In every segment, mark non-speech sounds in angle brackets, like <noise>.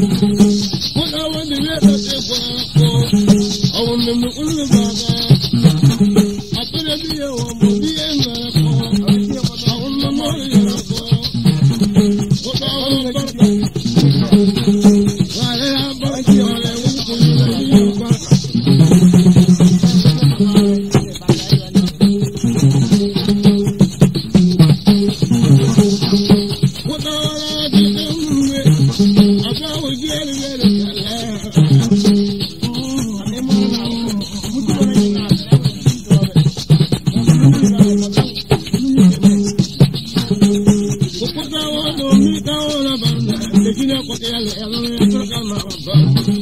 thank you Thank <laughs> you.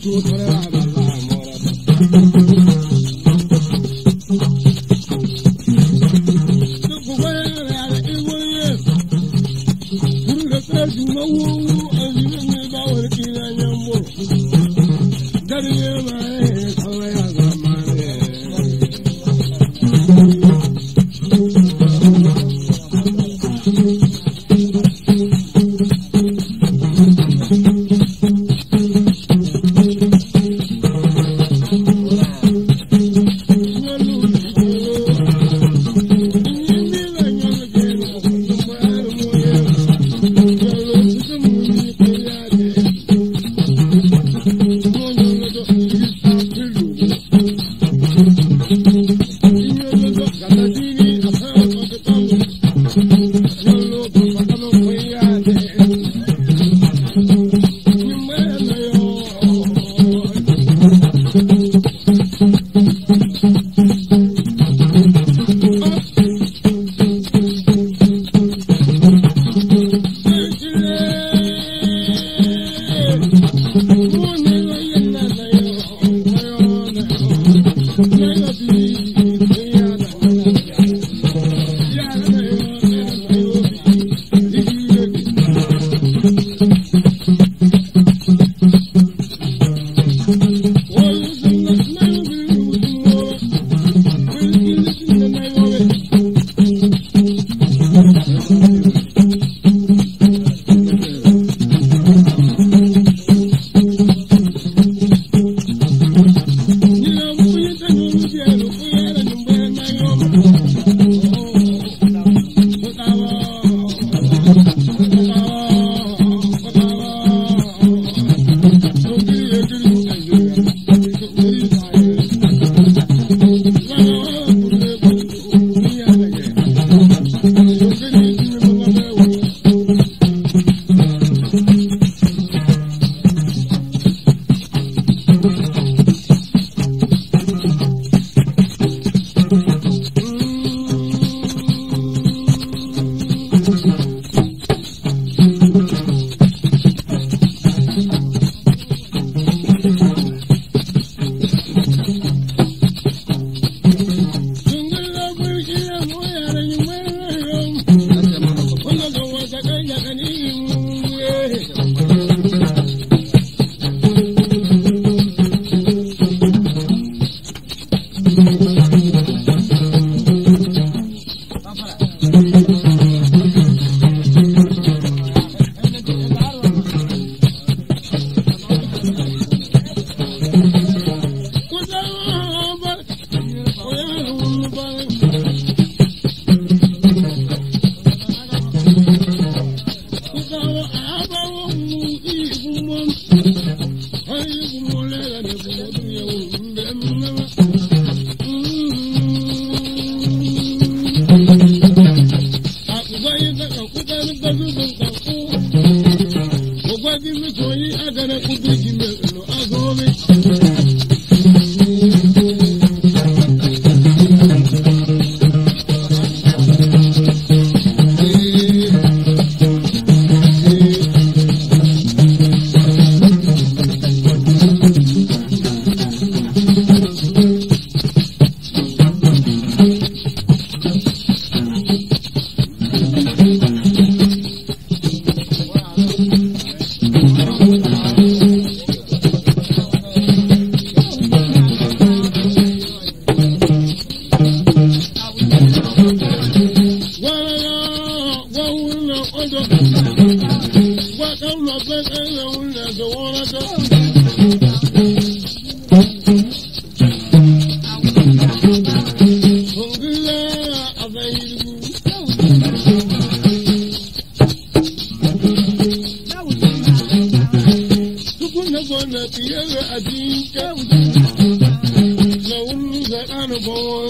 Tú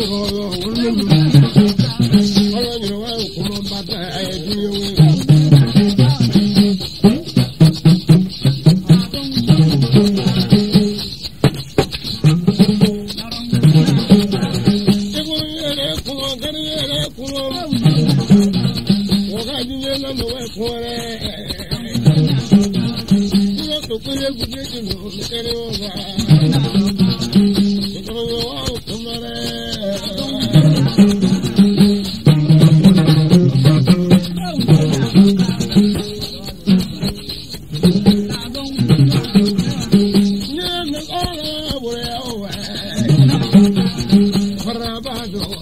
ọ̀rọ̀ ọ̀rọ̀ òun lè wù.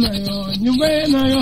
na yo, nyumba na yo,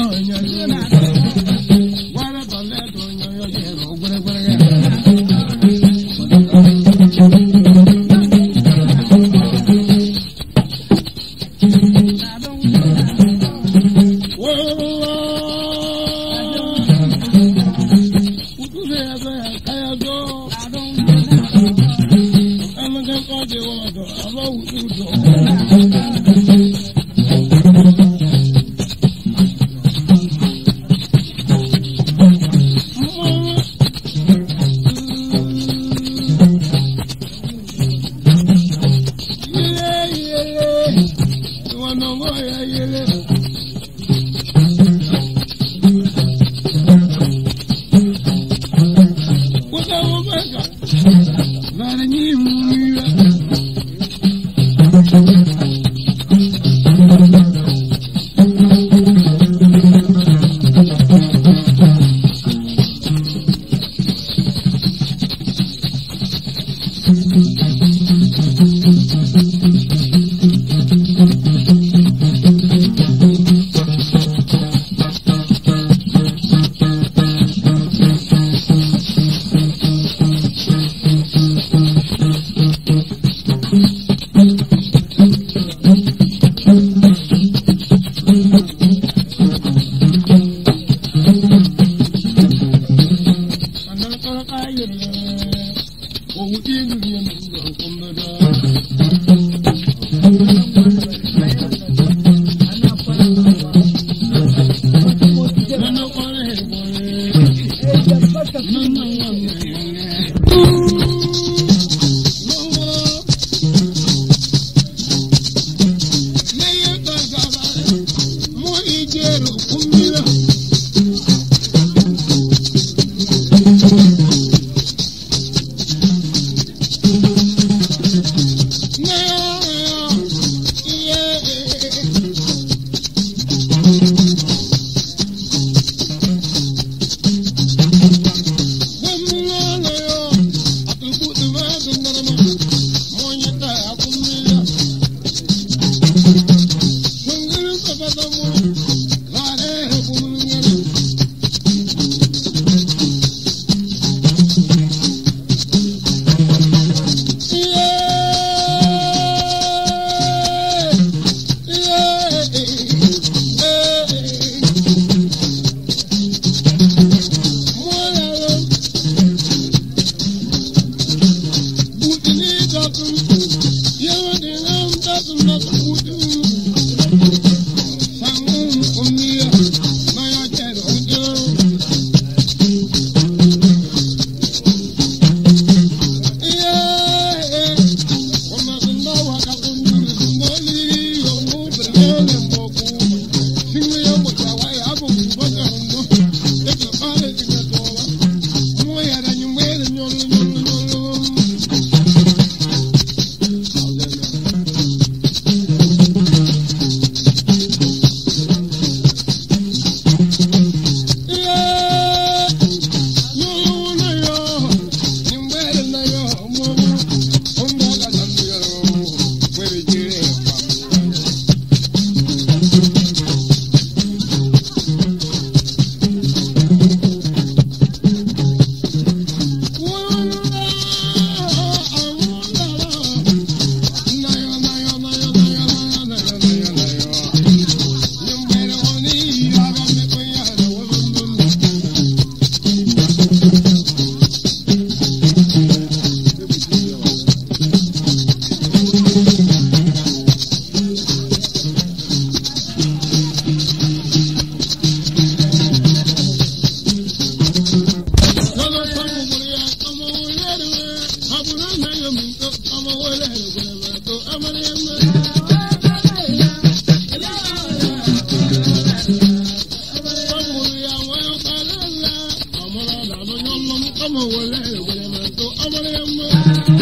come on, yọ ọmọ ọmọ wẹrẹ wẹrẹ mẹtọ ọmọ rẹ mọ.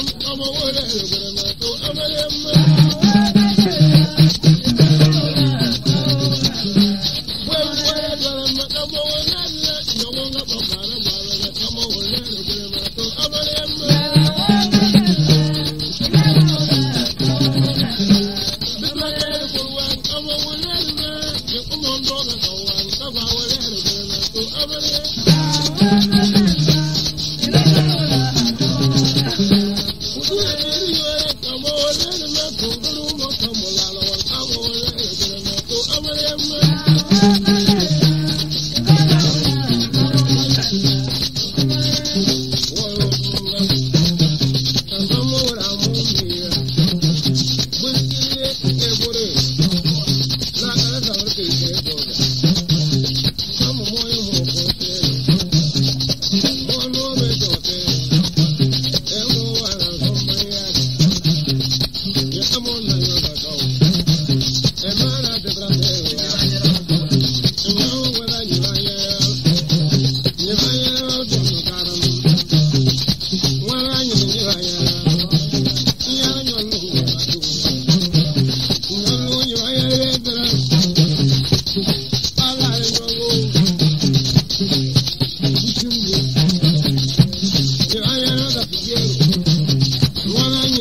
I'm a warrior, I'm a I'm a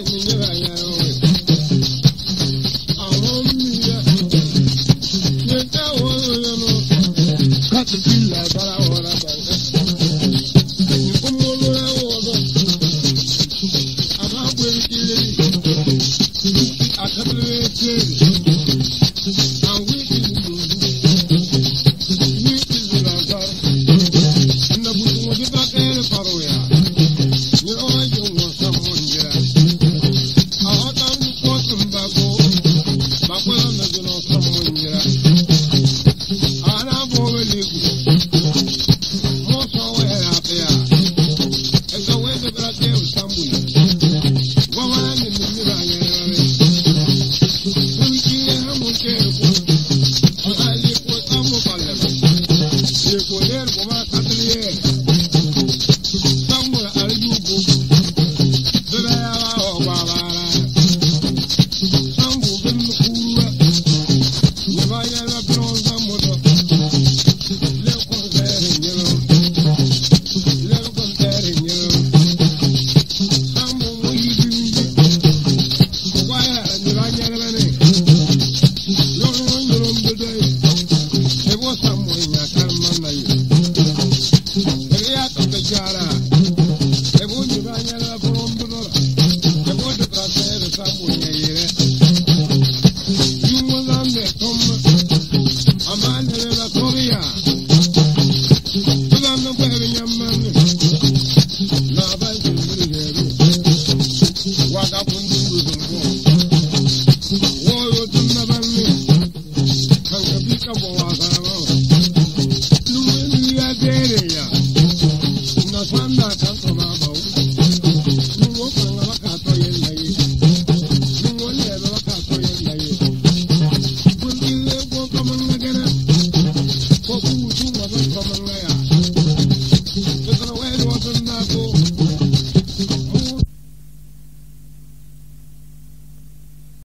meet me